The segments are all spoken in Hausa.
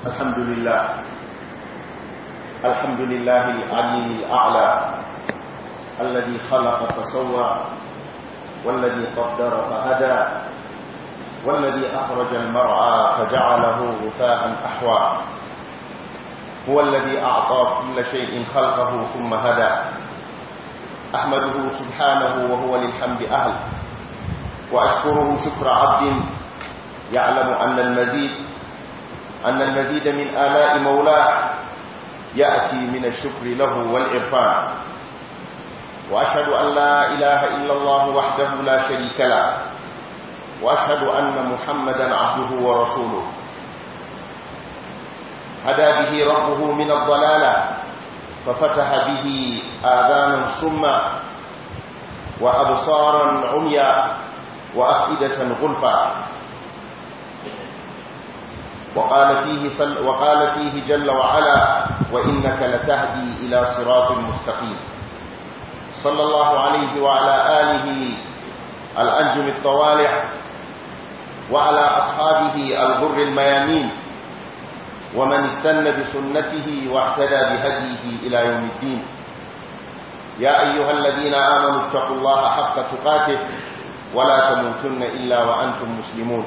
الحمد لله الحمد لله العلي الأعلى الذي خلق فسوى والذي قدر فهدى والذي أخرج المرعى فجعله غثاء أحوى هو الذي أعطى كل شيء خلقه ثم هدى أحمده سبحانه وهو للحمد أهل وأشكره شكر عبد يعلم أن المزيد أن المزيد من آلاء مولاه يأتي من الشكر له والإرفان وأشهد أن لا إله إلا الله وحده لا شريك له وأشهد أن محمدا عبده ورسوله هدى به ربه من الضلالة ففتح به آذانا سمى وأبصارا عميا وأفئدة غلفا وقال فيه, صل وقال فيه جل وعلا وإنك لتهدي إلى صراط مستقيم صلى الله عليه وعلى آله الأنجم الطوالع وعلى أصحابه الغر الميامين ومن استنى بسنته واعتدى بهديه إلى يوم الدين يا أيها الذين آمنوا اتقوا الله حق تقاته ولا تموتن إلا وأنتم مسلمون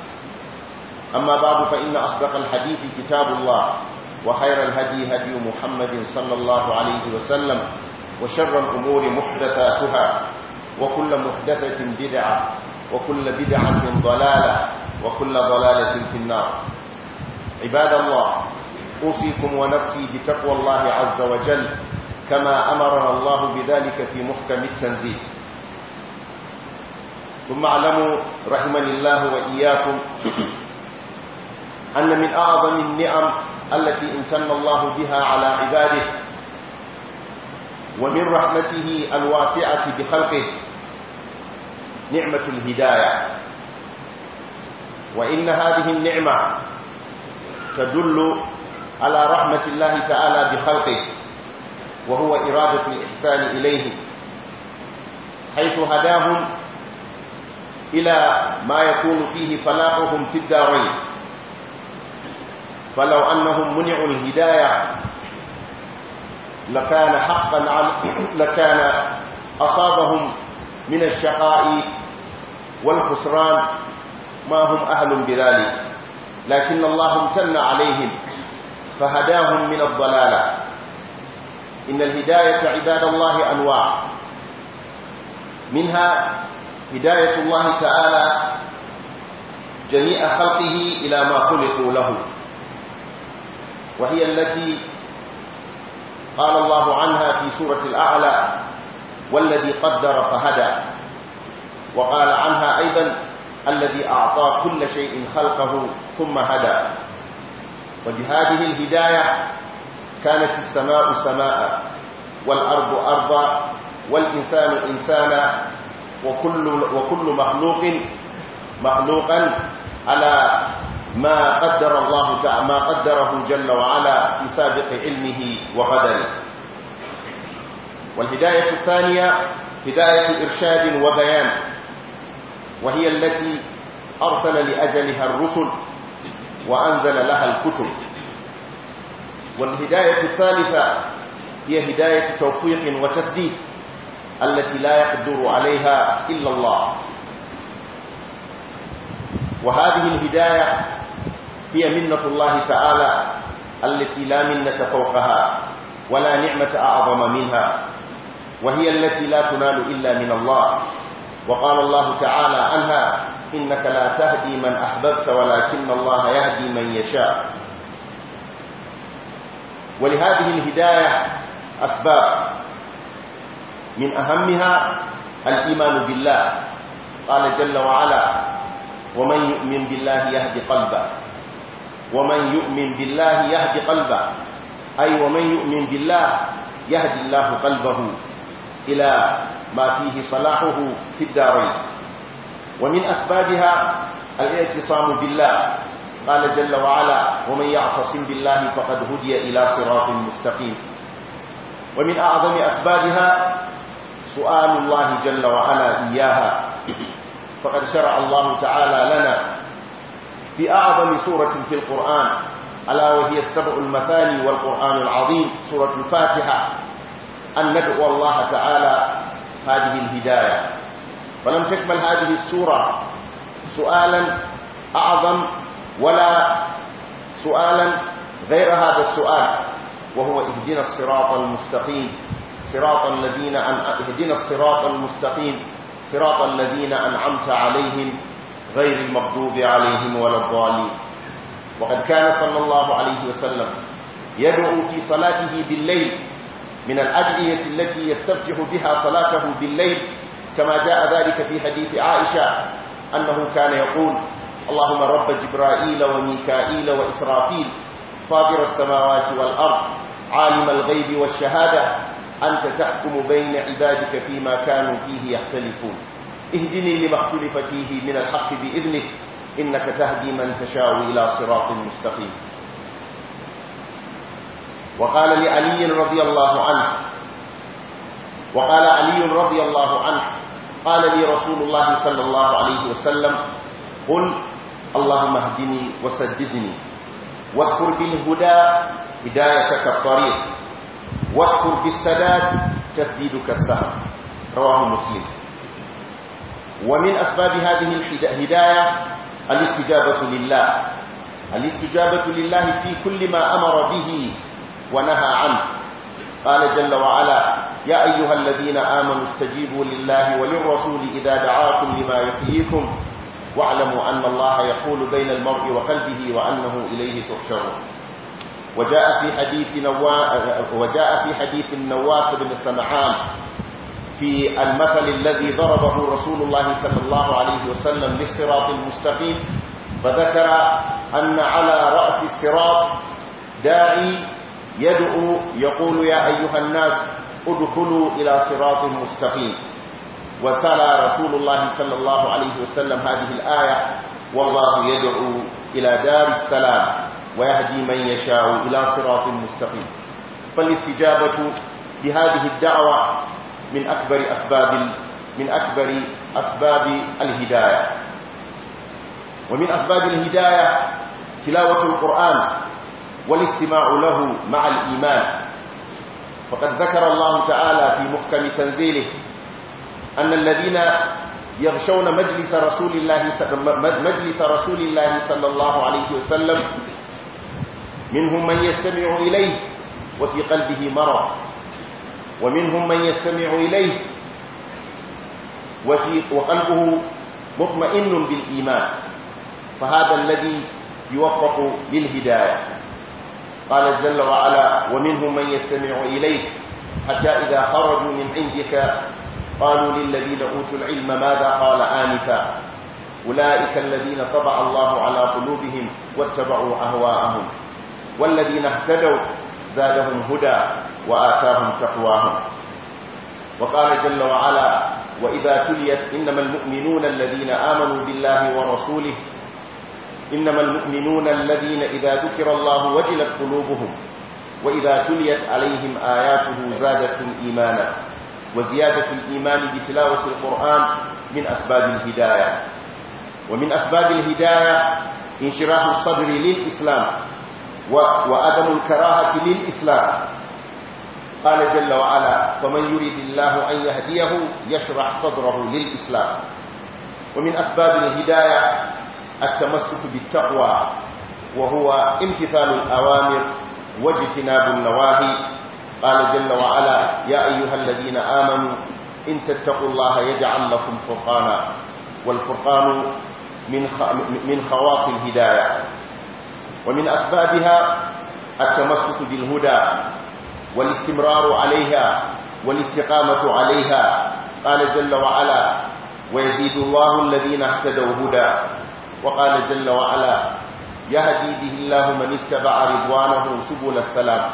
أما بعد فإن أصدق الحديث كتاب الله وخير الهدي هدي محمد صلى الله عليه وسلم وشر الأمور محدثاتها وكل محدثة بدعة وكل بدعة ضلالة وكل ضلالة في النار عباد الله أوصيكم ونفسي بتقوى الله عز وجل كما أمرنا الله بذلك في محكم التنزيل ثم اعلموا رحمني الله وإياكم أن من أعظم النعم التي امتن الله بها على عباده ومن رحمته الواسعة بخلقه نعمة الهداية وإن هذه النعمة تدل على رحمة الله تعالى بخلقه وهو إرادة الإحسان إليه حيث هداهم إلى ما يكون فيه فلاحهم في الدارين فلو أنهم منعوا الهداية لكان حقا عن لكان أصابهم من الشقاء والخسران ما هم أهل بذلك لكن الله امتن عليهم فهداهم من الضلالة إن الهداية عباد الله أنواع منها هداية الله تعالى جميع خلقه إلى ما خلقوا له وهي التي قال الله عنها في سورة الأعلى والذي قدر فهدى وقال عنها أيضا الذي أعطى كل شيء خلقه ثم هدى وبهذه الهداية كانت السماء سماء والأرض أرضا والإنسان إنسانا وكل, وكل مخلوق مخلوقا على ما قدر الله تعالى ما قدره جل وعلا في سابق علمه وقدره والهداية الثانية هداية إرشاد وبيان وهي التي أرسل لأجلها الرسل وأنزل لها الكتب والهداية الثالثة هي هداية توفيق وتسديد التي لا يقدر عليها إلا الله وهذه الهداية هي منة الله تعالى التي لا منة فوقها ولا نعمة أعظم منها وهي التي لا تنال إلا من الله وقال الله تعالى عنها إنك لا تهدي من أحببت ولكن الله يهدي من يشاء ولهذه الهداية أسباب من أهمها الإيمان بالله قال جل وعلا ومن يؤمن بالله يهدي قلبه ومن يؤمن بالله يهدي قلبه أي ومن يؤمن بالله يهدي الله قلبه إلى ما فيه صلاحه في الدارين ومن أسبابها الاعتصام بالله قال جل وعلا ومن يعتصم بالله فقد هدي إلى صراط مستقيم ومن أعظم أسبابها سؤال الله جل وعلا إياها فقد شرع الله تعالى لنا في أعظم سورة في القرآن ألا وهي السبع المثاني والقرآن العظيم سورة الفاتحة أن ندعو الله تعالى هذه الهداية فلم تشمل هذه السورة سؤالا أعظم ولا سؤالا غير هذا السؤال وهو اهدنا الصراط المستقيم صراط الذين أن اهدنا الصراط المستقيم صراط الذين أنعمت عليهم غير المغضوب عليهم ولا الضالين وقد كان صلى الله عليه وسلم يدعو في صلاته بالليل من الأدعية التي يستفتح بها صلاته بالليل كما جاء ذلك في حديث عائشة أنه كان يقول اللهم رب جبرائيل وميكائيل وإسرافيل فاطر السماوات والأرض عالم الغيب والشهادة أنت تحكم بين عبادك فيما كانوا فيه يختلفون اهدني لما اختلف فيه من الحق بإذنك إنك تهدي من تشاء إلى صراط مستقيم وقال لعلي رضي الله عنه وقال علي رضي الله عنه قال لي رسول الله صلى الله عليه وسلم قل اللهم اهدني وسددني واذكر بالهدى هدايتك الطريق واذكر بالسداد تسديدك السهر رواه مسلم ومن أسباب هذه الهداية الاستجابة لله الاستجابة لله في كل ما أمر به ونهى عنه قال جل وعلا يا أيها الذين آمنوا استجيبوا لله وللرسول إذا دعاكم لما يحييكم واعلموا أن الله يحول بين المرء وقلبه وأنه إليه تحشر وجاء في حديث نوا... وجاء في حديث النواس بن السمعان في المثل الذي ضربه رسول الله صلى الله عليه وسلم للصراط المستقيم فذكر أن على رأس الصراط داعي يدعو يقول يا أيها الناس ادخلوا إلى صراط مستقيم وسأل رسول الله صلى الله عليه وسلم هذه الآية والله يدعو إلى دار السلام ويهدي من يشاء إلى صراط مستقيم فالاستجابة لهذه الدعوة من أكبر أسباب من أكبر أسباب الهداية ومن أسباب الهداية تلاوة القرآن والاستماع له مع الإيمان فقد ذكر الله تعالى في محكم تنزيله أن الذين يغشون مجلس رسول الله مجلس رسول الله صلى الله عليه وسلم منهم من يستمع إليه وفي قلبه مرض ومنهم من يستمع إليه وفي وقلبه مطمئن بالإيمان فهذا الذي يوفق للهداية قال جل وعلا ومنهم من يستمع إليك حتى إذا خرجوا من عندك قالوا للذين أوتوا العلم ماذا قال آنفا أولئك الذين طبع الله على قلوبهم واتبعوا أهواءهم والذين اهتدوا زادهم هدى وآتاهم تقواهم وقال جل وعلا وإذا تليت إنما المؤمنون الذين آمنوا بالله ورسوله إنما المؤمنون الذين إذا ذكر الله وجلت قلوبهم وإذا تليت عليهم آياته زادتهم إيمانا وزيادة الإيمان بتلاوة القرآن من أسباب الهداية ومن أسباب الهداية انشراح الصدر للإسلام وأدم الكراهة للإسلام قال جل وعلا فمن يريد الله أن يهديه يشرح صدره للإسلام ومن أسباب الهداية التمسك بالتقوى وهو امتثال الأوامر واجتناب النواهي قال جل وعلا يا أيها الذين آمنوا إن تتقوا الله يجعل لكم فرقانا والفرقان من خواص الهداية ومن أسبابها التمسك بالهدى والاستمرار عليها والاستقامة عليها قال جل وعلا ويزيد الله الذين اهتدوا هدى وقال جل وعلا يهدي به الله من اتبع رضوانه سبل السلام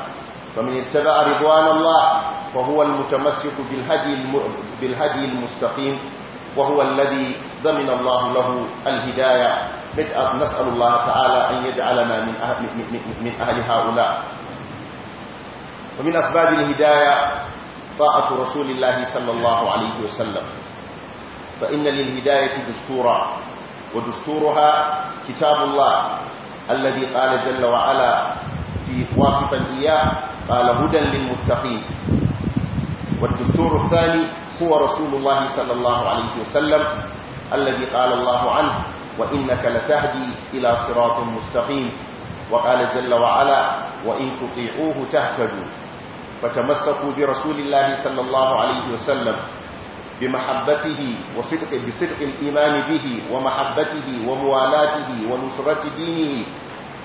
فمن اتبع رضوان الله فهو المتمسك بالهدي, بالهدي المستقيم وهو الذي ضمن الله له الهداية نسأل الله تعالى أن يجعلنا من أهل, من أهل هؤلاء ومن أسباب الهداية طاعة رسول الله صلى الله عليه وسلم فإن للهداية دستورا ودستورها كتاب الله الذي قال جل وعلا في واصفا إياه قال هدى للمتقين والدستور الثاني هو رسول الله صلى الله عليه وسلم الذي قال الله عنه وإنك لتهدي إلى صراط مستقيم وقال جل وعلا وإن تطيعوه تهتدوا فتمسكوا برسول الله صلى الله عليه وسلم بمحبته وصدق بصدق الإيمان به ومحبته وموالاته ونصرة دينه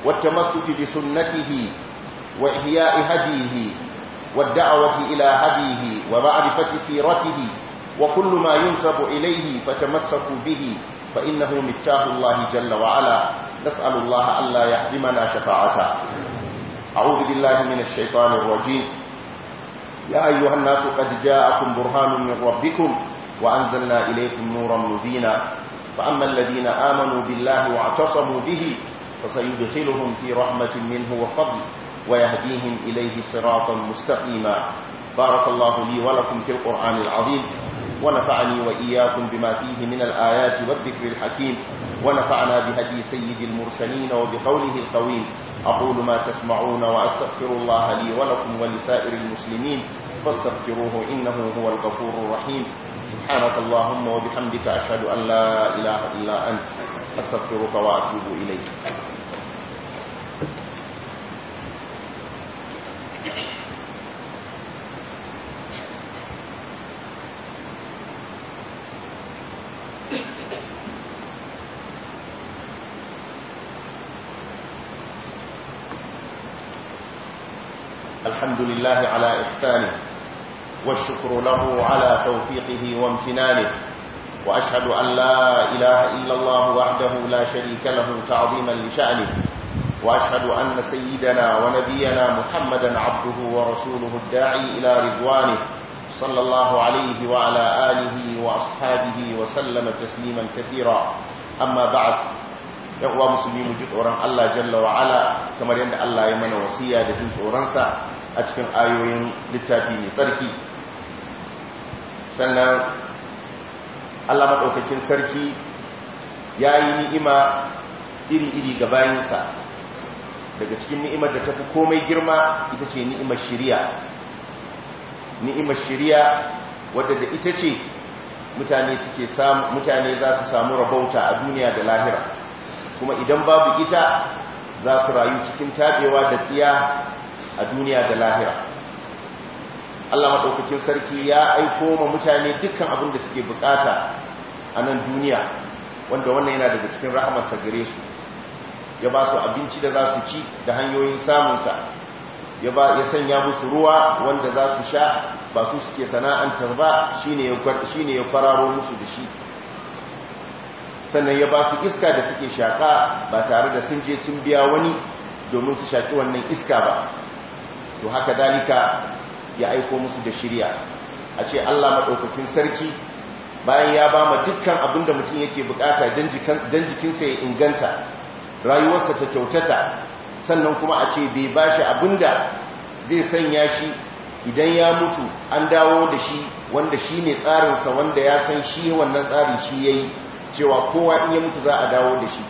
والتمسك بسنته وإحياء هديه والدعوة إلى هديه ومعرفة سيرته وكل ما ينسب إليه فتمسكوا به فإنه مفتاح الله جل وعلا نسأل الله ألا يحرمنا شفاعته أعوذ بالله من الشيطان الرجيم يا أيها الناس قد جاءكم برهان من ربكم وأنزلنا إليكم نورا مبينا فأما الذين آمنوا بالله واعتصموا به فسيدخلهم في رحمة منه وفضل ويهديهم إليه صراطا مستقيما بارك الله لي ولكم في القرآن العظيم ونفعني وإياكم بما فيه من الآيات والذكر الحكيم ونفعنا بهدي سيد المرسلين وبقوله القويم أقول ما تسمعون وأستغفر الله لي ولكم ولسائر المسلمين فاستغفروه إنه هو الغفور الرحيم سبحانك اللهم وبحمدك أشهد أن لا إله إلا أنت أستغفرك وأتوب إليك الحمد لله على إحسانه والشكر له على توفيقه وامتنانه وأشهد أن لا إله إلا الله وحده لا شريك له تعظيما لشأنه وأشهد أن سيدنا ونبينا محمدا عبده ورسوله الداعي إلى رضوانه صلى الله عليه وعلى آله وأصحابه وسلم تسليما كثيرا أما بعد يقوى مسلمين جزء الله جل وعلا كما يند الله يمن وصيا لجزء رنسا a cikin ayoyin littafi mai tsarki sannan Allah maɗaukakin sarki ya yi ni'ima iri-iri ga bayansa daga cikin ni'imar da ta fi komai girma ita ce ni'imar shirya ni'imar shirya wadda da ita ce mutane suke samu mutane za su samu rabauta a duniya da lahira kuma idan babu ita za su rayu cikin tabewa da tsiya a duniya da lahira Allah maɗaukakin sarki ya aiko ma mutane dukkan abin da suke bukata a nan duniya wanda wannan yana daga cikin rahamarsa gare su ya ba su abinci da za su ci da hanyoyin samunsa ya sanya musu ruwa wanda za su sha ba su suke sana'antar ba shi ne ya fararo musu da shi sannan ya ba su iska da suke shaƙa ba tare da sun je sun biya wani domin su shaki wannan iska ba to haka dalika ya aiko musu da shirya a ce Allah maɗaukakin sarki bayan ya ba ma dukkan abin da mutum yake bukata don jikinsa ya inganta rayuwarsa ta kyautata sannan kuma a ce bai ba shi abin da zai sanya shi idan ya mutu an dawo da shi wanda shi ne tsarinsa wanda ya san shi wannan tsarin shi ya yi cewa kowa in ya mutu za a dawo da shi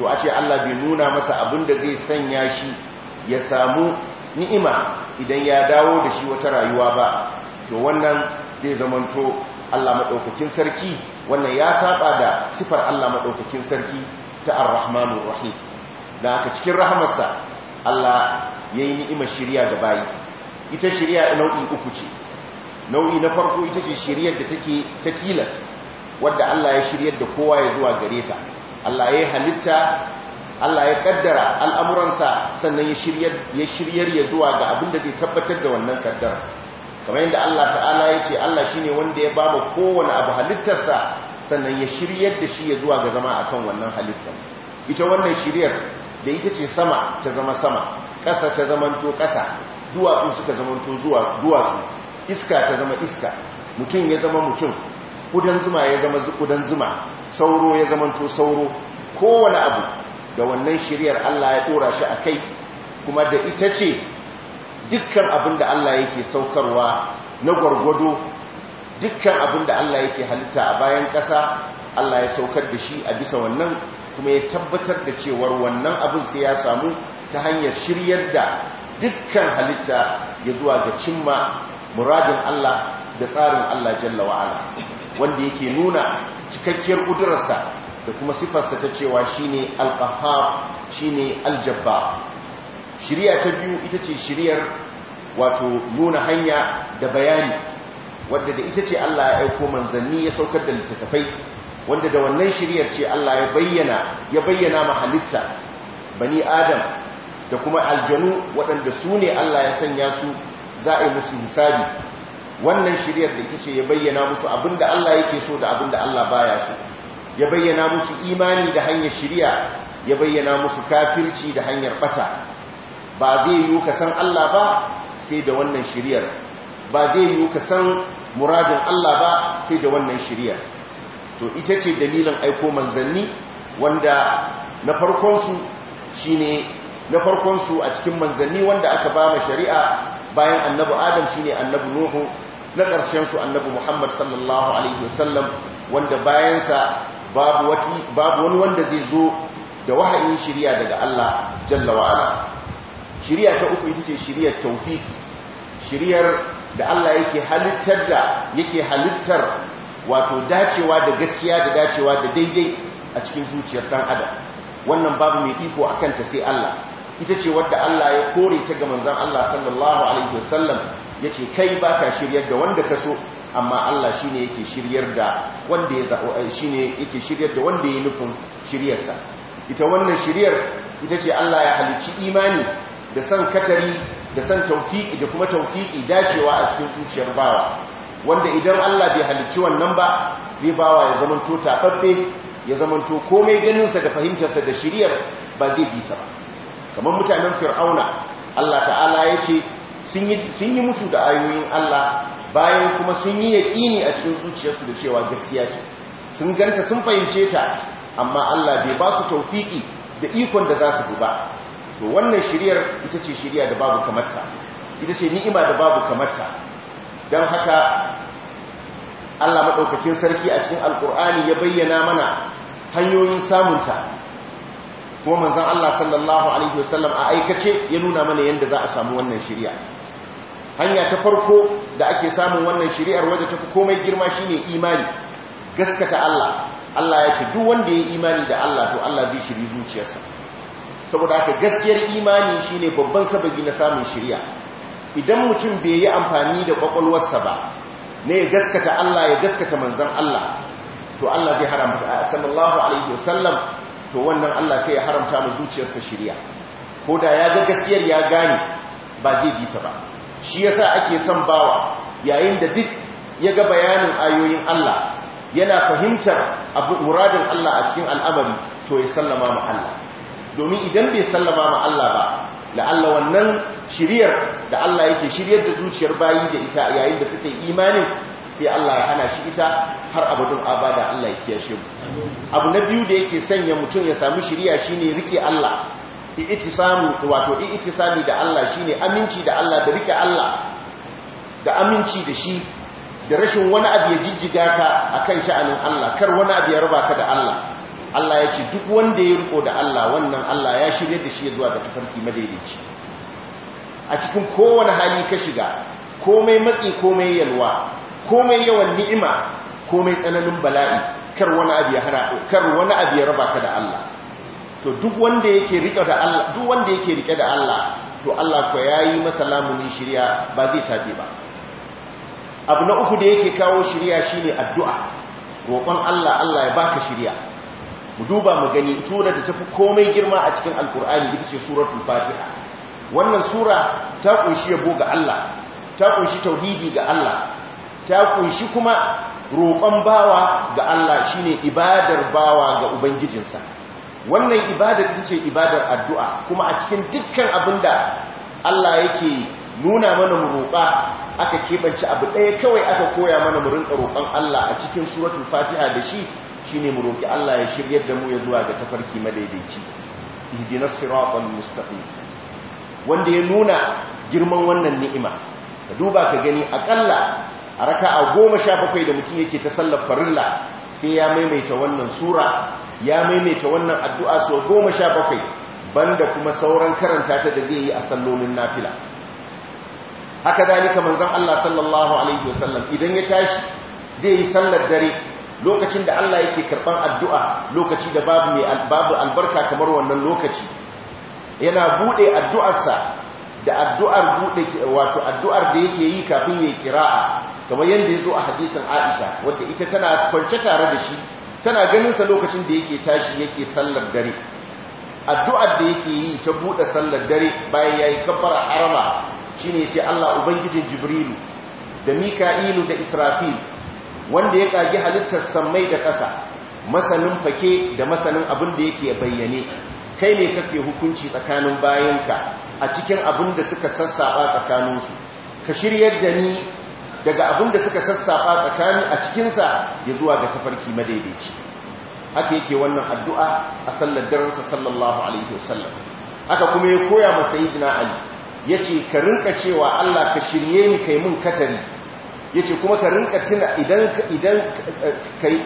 to a ce Allah bai nuna masa abin da zai sanya shi ya samu ni'ima idan ya dawo da shi wata rayuwa ba to wannan zai zamanto Allah maɗaukakin sarki wannan ya saba da sifar Allah maɗaukakin sarki ta ar rahmanu rahim da aka cikin rahamarsa Allah ya yi ni'imar shirya ga bayi ita shirya nau'i uku ce nau'i na farko ita ce shiriya da take ta tilas wadda Allah ya shiryar da kowa ya zuwa gare ta Allah ya yi halitta Allah ya kaddara al'amuransa sannan ya shiryar ya zuwa ga abin da zai tabbatar da wannan kaddara kamar yadda Allah ta'ala ya ce Allah shi ne wanda ya ba mu kowane abu halittarsa sannan ya shiryar da shi ya zuwa ga zama a kan wannan halittar ita wannan shiryar da ita ce sama ta zama sama ƙasa ta to ƙasa duwatsu suka zamanto duwatsu iska ta zama iska mutum ya zama mutum kudan zuma ya zama kudan zuma sauro ya zamanto sauro kowane abu da wannan shiriyar Allah ya dora shi a kai kuma da ita ce dukkan abin da Allah yake saukarwa na gwargwado dukkan abin da Allah yake halitta a bayan ƙasa Allah ya saukar da shi a bisa wannan kuma ya tabbatar da cewar wannan abin sai ya samu ta hanyar shiryar da dukkan halitta ya zuwa ga cimma muradin Allah da tsarin Allah jalla wa'ala wanda yake nuna cikakkiyar ƙudurarsa da kuma sifarsa ta cewa shi al-qahhar shine al aljabba shiriya ta biyu ita ce shiriyar wato nuna hanya da bayani wadda da ita ce Allah ya aiko manzanni ya saukar da littattafai wadda da wannan shiryar ce Allah ya bayyana ya bayyana ma bani adam da kuma aljanu waɗanda su ne Allah ya sanya su za a yi musu misali. wannan shiryar da ita ce ya bayyana musu abinda Allah yake so da abin da Allah baya su. ya bayyana musu imani da hanyar shirya ya bayyana musu kafirci da hanyar bata ba zai yi ka san Allah ba sai da wannan shiryar ba zai yi ka san muradin Allah ba sai da wannan shiryar to ita ce dalilin aiko manzanni wanda na farkonsu shine na farkonsu a cikin manzanni wanda aka ba ma shari'a bayan annabi adam shine annabi nuhu na ƙarshen su annabi muhammad sallallahu alaihi wasallam wanda bayansa babu wani wanda zai zo da wahayin shiriya daga Allah jalla wa ala ta uku ita ce shiryar tawfiq shiryar da Allah yake halittar da yake halittar wato dacewa da gaskiya da dacewa da daidai a cikin zuciyar dan adam wannan babu mai iko akan ta sai Allah ita ce wadda Allah ya kore ta ga manzon Allah sallallahu alaihi wasallam yace kai baka shiryar da wanda ka so amma Allah ne yake shiryar da wanda ya eh, ne yake shiryar da wanda ya nufin shiryarsa ita wannan shiryar ita ce Allah ya halicci imani da san katari da san tawfiki da kuma tawfiki dacewa a cikin zuciyar bawa wanda idan Allah bai halicci wannan ba zai bawa ya zama to ya zama to komai ganinsa da fahimtarsa da shiryar ba zai bi ta ba kamar mutanen fir'auna Allah ta'ala ya ce sun yi musu da ayoyin Allah bayan kuma sun yi yaƙini a cikin zuciyarsu da cewa gaskiya ce sun ganta sun fahimce ta amma Allah bai ba su da ikon da za su bi ba to wannan shiriyar ita ce shiriya da babu kamarta ita ce ni'ima da babu kamarta don haka Allah maɗaukakin sarki a cikin alkur'ani ya bayyana mana hanyoyin samunta kuma manzan Allah sallallahu alaihi wasallam a aikace ya nuna mana yadda za a samu wannan shirya hanya ta farko da ake samun wannan shari'ar wajen tafi komai girma shine imani gaskata Allah Allah ya ce duk wanda ya yi imani da Allah to Allah zai shiri zuciyarsa saboda haka gaskiyar imani shine babban sababi na samun shari'a idan mutum bai yi amfani da kwakwalwarsa ba ne ya gaskata Allah ya gaskata manzon Allah to Allah zai haramta sallallahu alaihi wasallam to wannan Allah sai ya haramta mu zuciyarsa shari'a ko da ya ga gaskiyar ya gane ba zai bi ba shi yasa ake son bawa yayin da duk ya ga bayanin ayoyin Allah yana fahimtar abu muradin Allah a cikin al'amari to ya sallama ma Allah domin idan bai sallama ma Allah ba Allah wannan shiriyar da Allah yake shiryar da zuciyar bayi da ita yayin da suke imanin sai Allah ya hana shi ita har abadun abada Allah ya kiyashe mu abu na biyu da yake sanya mutum ya samu shiriya shine rike Allah i'tisamu wato i'tisami da Allah shine aminci da Allah da rike Allah da aminci da shi da rashin wani abu ya jijjiga ka akan sha'anin Allah kar wani abu ya raba ka da Allah Allah ya ce duk wanda ya riko da Allah wannan Allah ya shirye da shi zuwa ga tafarki madaidaici a cikin kowane hali ka shiga komai matsi komai yalwa komai yawan ni'ima komai tsananin bala'i kar wani abu ya hana kar wani abu ya raba ka da Allah to duk wanda yake rike da Allah duk wanda yake rike da Allah to Allah ko yayi masa lamunin shiriya ba zai tafi ba abu na uku da yake kawo shiriya shine addu'a roƙon Allah Allah ya baka shiriya mu duba mu gani sura da tafi komai girma a cikin alkur'ani ita ce suratul fatiha wannan sura ta kunshi yabo ga Allah ta kunshi tauhidi ga Allah ta kunshi kuma roƙon bawa ga Allah shine ibadar bawa ga ubangijinsa wannan ibadar ita ce ibadar addu'a kuma a cikin dukkan abin da Allah yake nuna mana mu aka keɓance abu ɗaya kawai aka koya mana mu roƙon Allah a cikin suratul fatiha da shi shine mu roƙi Allah ya shirya da mu ya zuwa ga tafarki madaidaici ihdinas siratal mustaqim wanda ya nuna girman wannan ni'ima ka duba ka gani aƙalla a raka a raka'a bakwai da mutum yake ta sallar farilla sai ya maimaita wannan sura ya maimaita wannan addu'a so goma sha bakwai banda kuma sauran karanta ta da zai yi a sallomin nafila haka zalika manzan Allah sallallahu alaihi wasallam idan ya tashi zai yi sallar dare lokacin da Allah yake karban addu'a lokaci da babu mai babu albarka kamar wannan lokaci yana buɗe addu'arsa da addu'ar wato addu'ar da yake yi kafin ya kira'a kamar yadda ya zo a hadisin Aisha wadda ita tana kwance tare da shi tana ganin sa lokacin da yake tashi yake sallar dare addu'ar da yake yi ta bude sallar dare bayan ya yayi kafara harama shine yace Allah ubangijin Jibrilu da Mika'ilu da Israfil wanda ya kage halittar samai da ƙasa masanin fake da masanin abin da yake bayyane kai ne kake hukunci tsakanin bayanka a cikin abin da suka sassaba tsakaninsu ka shiryar da ni daga abin da suka sassafa tsakani a cikinsa ya zuwa ga tafarki madaidaici haka yake wannan addu'a a sallar sallallahu alaihi wasallam aka kuma ya koya masa yi ali ya ce ka rinka cewa allah ka shirye ni kai mun katari ya ce kuma ka rinka tuna idan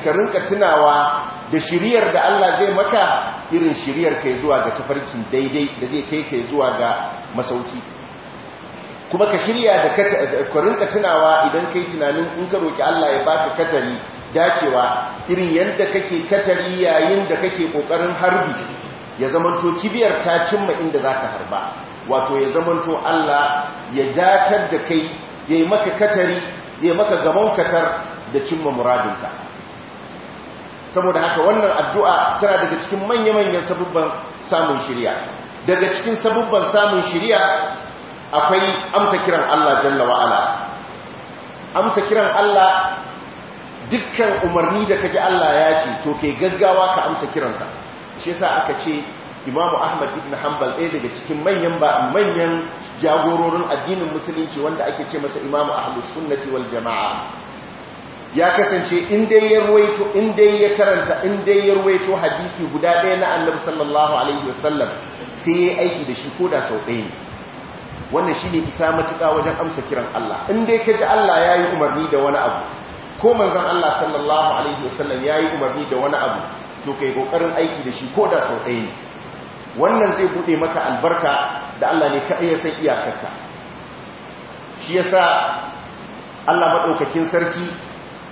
ka rinka tunawa da shiriyar da allah zai maka irin shiriyar kai zuwa ga tafarkin daidai da zai kai kai zuwa ga masauki kuma ka shirya da kwarinka tunawa idan kai tunanin in ka roƙi Allah ya baka katari dacewa irin yadda kake katari yayin da kake ƙoƙarin harbi ya zamanto kibiyar ta cimma inda za ka harba wato ya zamanto Allah ya datar da kai ya yi maka katari ya yi maka gamon katar da cimma muradinka saboda haka wannan addu'a tana daga cikin manya-manyan sabubban samun shirya daga cikin sabubban samun shirya akwai amsa kiran Allah jalla wa'ala amsa kiran Allah dukkan umarni da kaji Allah ya ce to kai gaggawa ka amsa kiransa shi yasa aka ce Imam Ahmad ibn Hanbal ɗaya daga cikin manyan ba manyan jagororin addinin musulunci wanda ake ce masa Imam Ahlus Sunnati wal Jama'a ya kasance in dai ya ruwaito in dai ya karanta in dai ya ruwaito hadisi guda ɗaya na Annabi sallallahu alaihi wasallam sai yayi aiki da shi koda sau ɗaya wannan shi ne isa matuƙa wajen amsa kiran Allah in dai ka ji Allah ya yi umarni da wani abu ko manzan Allah sallallahu alaihi wasallam ya yi umarni da wani abu to kai ƙoƙarin aiki da shi ko da sau ɗaya ne wannan zai buɗe maka albarka da Allah ne kaɗai ya san iyakarta. shi ya sa Allah maɗaukakin sarki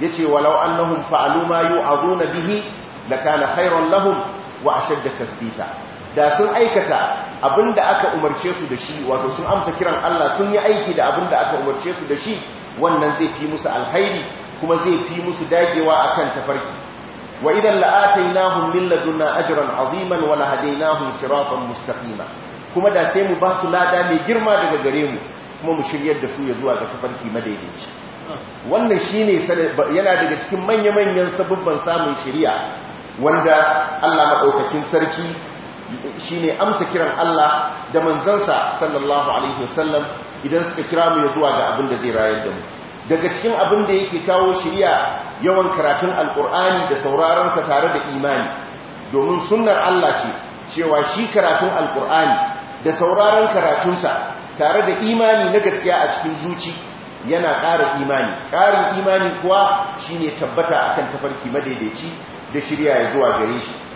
ya ce walau annahum fa'alu ma na bihi lakana khairan lahum wa ashadda tasbita da sun aikata abinda aka umarce su da shi wato sun amsa kiran Allah sun yi aiki da abinda aka umarce su da shi wannan zai fi musu alhairi kuma zai fi musu dagewa akan tafarki wa idan nahu min ladunna ajran aziman wa lahadainahum siratan mustaqima kuma da sai mu ba su lada mai girma daga gare mu kuma mu shiryar da su ya zuwa ga tafarki madaidaici wannan shine yana daga cikin manya-manyan sabubban samun shiriya wanda Allah madaukakin sarki Shi ne amsa kiran Allah da manzansa sallallahu alaihi wasallam idan suka kira mu ya zuwa ga abin da zai rayar da mu daga cikin abin da yake kawo shirya yawan karatun alkur'ani da sauraron sa tare da imani domin sunnar Allah ce cewa shi karatun alkur'ani da sauraron karatunsa tare da imani na gaskiya a cikin zuci yana ƙara imani ƙarin imani kuwa shi ne tabbata akan tafarki madaidaici da shirya ya zuwa gare shi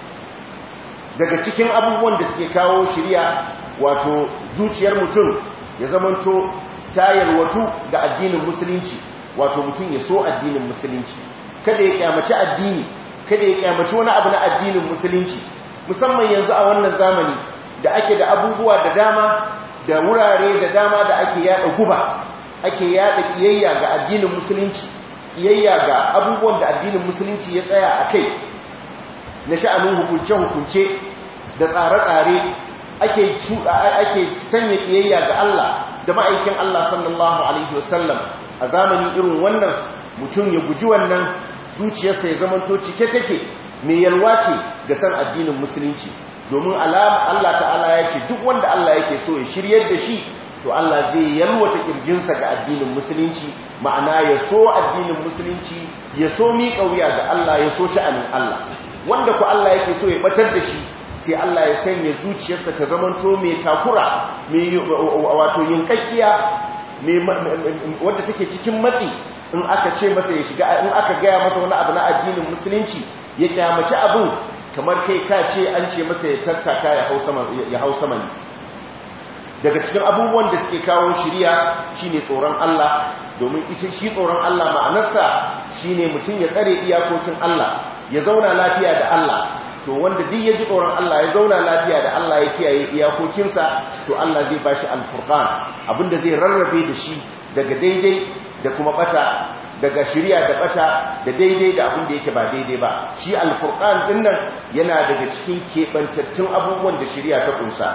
daga cikin abubuwan da suke kawo shirya wato zuciyar mutum ya zamanto tayar wato ga addinin musulunci wato mutum ya so addinin musulunci kada ya kyamaci addini kada ya kyamaci wani abu na addinin musulunci musamman yanzu a wannan zamani da ake da abubuwa da dama da wurare da dama da ake yada guba ake yada kiyayya ga addinin musulunci kiyayya ga abubuwan da addinin musulunci ya tsaya a kai na sha'anin hukunce-hukunce da tsare-tsare ake sanya ƙiyayya ga Allah da ma'aikin Allah sallallahu Alaihi wasallam a zamani irin wannan mutum ya guji wannan zuciyarsa ya zamanto cike take mai yalwa ce ga san addinin musulunci domin Allah ta'ala ya ce duk wanda Allah yake so ya shiryar da shi to Allah zai yalwata ƙirjinsa ga addinin musulunci ma'ana ya so addinin musulunci ya so miƙa wuya ga Allah ya so sha'anin Allah wanda ku Allah yake so ya batar da shi sai Allah ya sanya zuciyarsa ta zamanto me takura me wato yinkakkiya wadda take cikin matsi in aka ce masa ya shiga in aka gaya masa wani abu na addinin musulunci ya kyamaci abu kamar kai ka ce an ce masa ya tattaka ya hau hausa daga cikin abubuwan da suke kawo shirya shine tsoron Allah domin ita shi tsoron Allah ma'anarsa shine mutum ya tsare iyakokin Allah ya zauna lafiya da Allah to wanda duk ya ji tsoron Allah ya zauna lafiya da Allah ya kiyaye iyakokinsa to Allah zai bashi al-furqan abinda zai rarrabe da shi daga daidai da kuma bata daga shirya da bata da daidai da abin yake ba daidai ba shi al-furqan dinnan yana daga cikin kebantattun abubuwan da shirya ta kunsa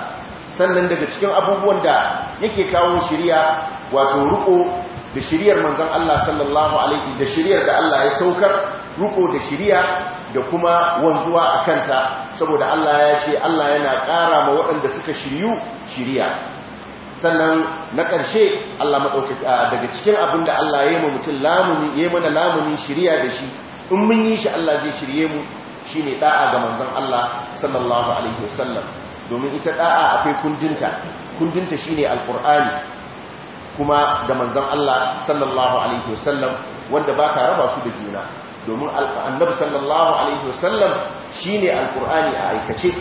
sannan daga cikin abubuwan da yake kawo shirya wato ruko da shiryar manzon Allah sallallahu alaihi da shiryar da Allah ya saukar ruko da shiriya da kuma wanzuwa a kanta saboda Allah ya ce Allah yana ƙara ma waɗanda suka shiryu shiriya sannan na ƙarshe Allah maɗaukaki daga cikin abin da Allah ya yi ma mutum lamuni ya yi mana lamuni shiriya da shi in mun yi shi Allah zai shirye mu shi ne ɗa'a ga manzan Allah sallallahu alaihi wasallam domin ita ɗa'a akwai kundinta kundinta shi ne alƙur'ani kuma da manzon Allah sallallahu alaihi wasallam wanda ba ka raba su da juna domin annabi sallallahu alaihi wasallam shine alqur'ani a aikace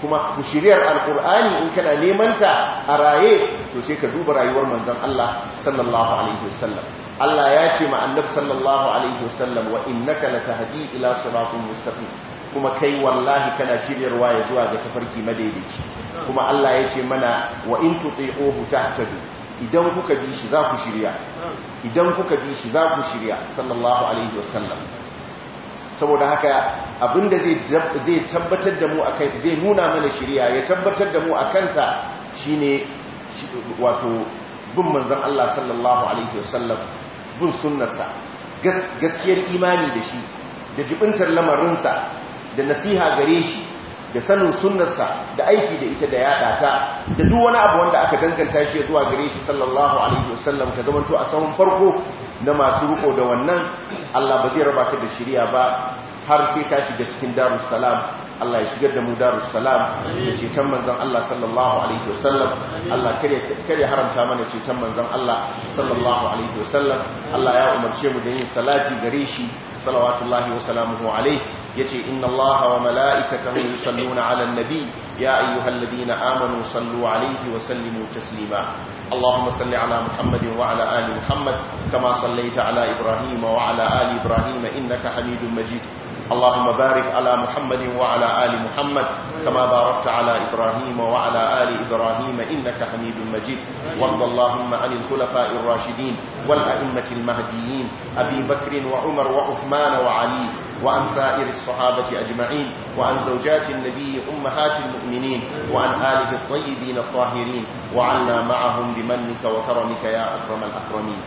kuma shiriyar alqur'ani in kana neman ta a raye to sai ka duba rayuwar manzon Allah sallallahu alaihi wasallam Allah ya ce ma annabi sallallahu alaihi wasallam wa innaka latahdi ila siratin mustaqim kuma kai wallahi kana shiryarwa ya zuwa ga tafarki madaidaici kuma Allah ya ce mana wa in tuti'uhu tahtadu idan kuka ji shi za ku shirya idan kuka ji shi za ku shirya sallallahu alaihi wasallam saboda haka abinda zai tabbatar da mu akai zai nuna mana shari'a ya tabbatar da mu a kansa shine wato bin manzon Allah sallallahu alaihi wasallam bin sunnarsa gaskiyar imani da shi da jibintar lamarinsa da nasiha gare shi da sanin sunnarsa da aiki da ita da yada ta da duk wani abu wanda aka danganta shi zuwa gare shi sallallahu alaihi wasallam ka zamanto a sahun farko na masu ruko da wannan Allah ba zai raba ka da shirya ba har sai ka shiga cikin dar-u-salam Allah ya shigar da mu dar-u-salam da cetan manzon Allah sallallahu alaihi wasallam Allah kare haramta mana cetan manzon Allah sallallahu alaihi wasallam Allah ya umarce mu da yin salati gare shi salawatullahi wa salamuhu alaihi yace inna Allah wa mala'ikatahu yusalluna 'alan nabi ya ayyuhalladhina amanu sallu 'alaihi wa sallimu taslima اللهم صل على محمد وعلى آل محمد كما صليت على إبراهيم وعلى آل إبراهيم إنك حميد مجيد اللهم بارك على محمد وعلى آل محمد كما باركت على إبراهيم وعلى آل إبراهيم إنك حميد مجيد وارض اللهم عن الخلفاء الراشدين والأئمة المهديين أبي بكر وعمر وعثمان وعلي وعن سائر الصحابة أجمعين وعن زوجات النبي أمهات المؤمنين وعن آله الطيبين الطاهرين وعنا معهم بمنك وكرمك يا أكرم الأكرمين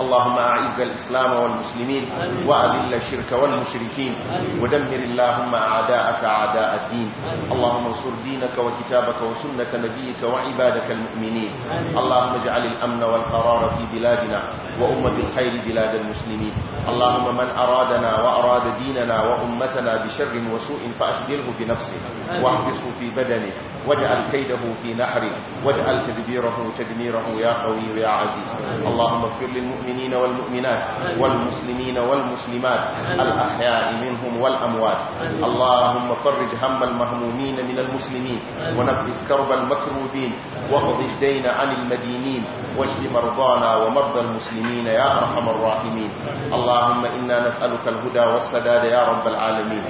اللهم أعز الإسلام والمسلمين وأذل الشرك والمشركين ودمر اللهم أعداءك أعداء الدين اللهم انصر دينك وكتابك وسنة نبيك وعبادك المؤمنين اللهم اجعل الأمن والقرار في بلادنا وأمة الخير بلاد المسلمين اللهم من أرادنا وأراد ديننا وأمتنا بشر وسوء فأشغله بنفسه واحبسه في بدنه واجعل كيده في نحره واجعل تدبيره تدميره يا قوي يا عزيز اللهم اغفر للمؤمنين والمؤمنات والمسلمين والمسلمات الأحياء منهم والأموات اللهم فرج هم المهمومين من المسلمين ونفس كرب المكروبين واقض الدين عن المدينين واشف مرضانا ومرضى المسلمين يا أرحم الراحمين اللهم إنا نسألك الهدى والسداد يا رب العالمين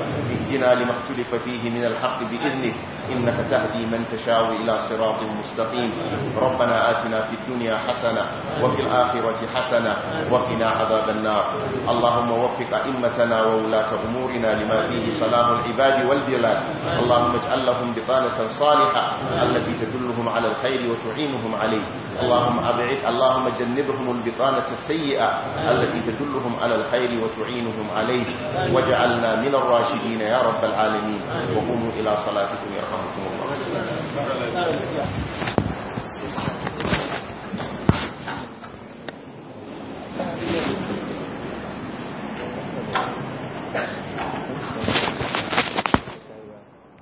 واهدنا لما اختلف فيه من الحق بإذنك إنك تهدي من تشاء إلى صراط مستقيم ربنا آتنا في الدنيا حسنة وفي الآخرة حسنة وقنا عذاب النار اللهم وفق أئمتنا وولاة أمورنا لما فيه صلاح العباد والبلاد اللهم اجعل لهم بطانة صالحة التي تدلهم على الخير وتعينهم عليه اللهم أبعد اللهم جنبهم البطانة السيئة التي تدلهم على الخير وتعينهم عليه واجعلنا من الراشدين يا رب العالمين وقوموا إلى صلاتكم يرحمكم الله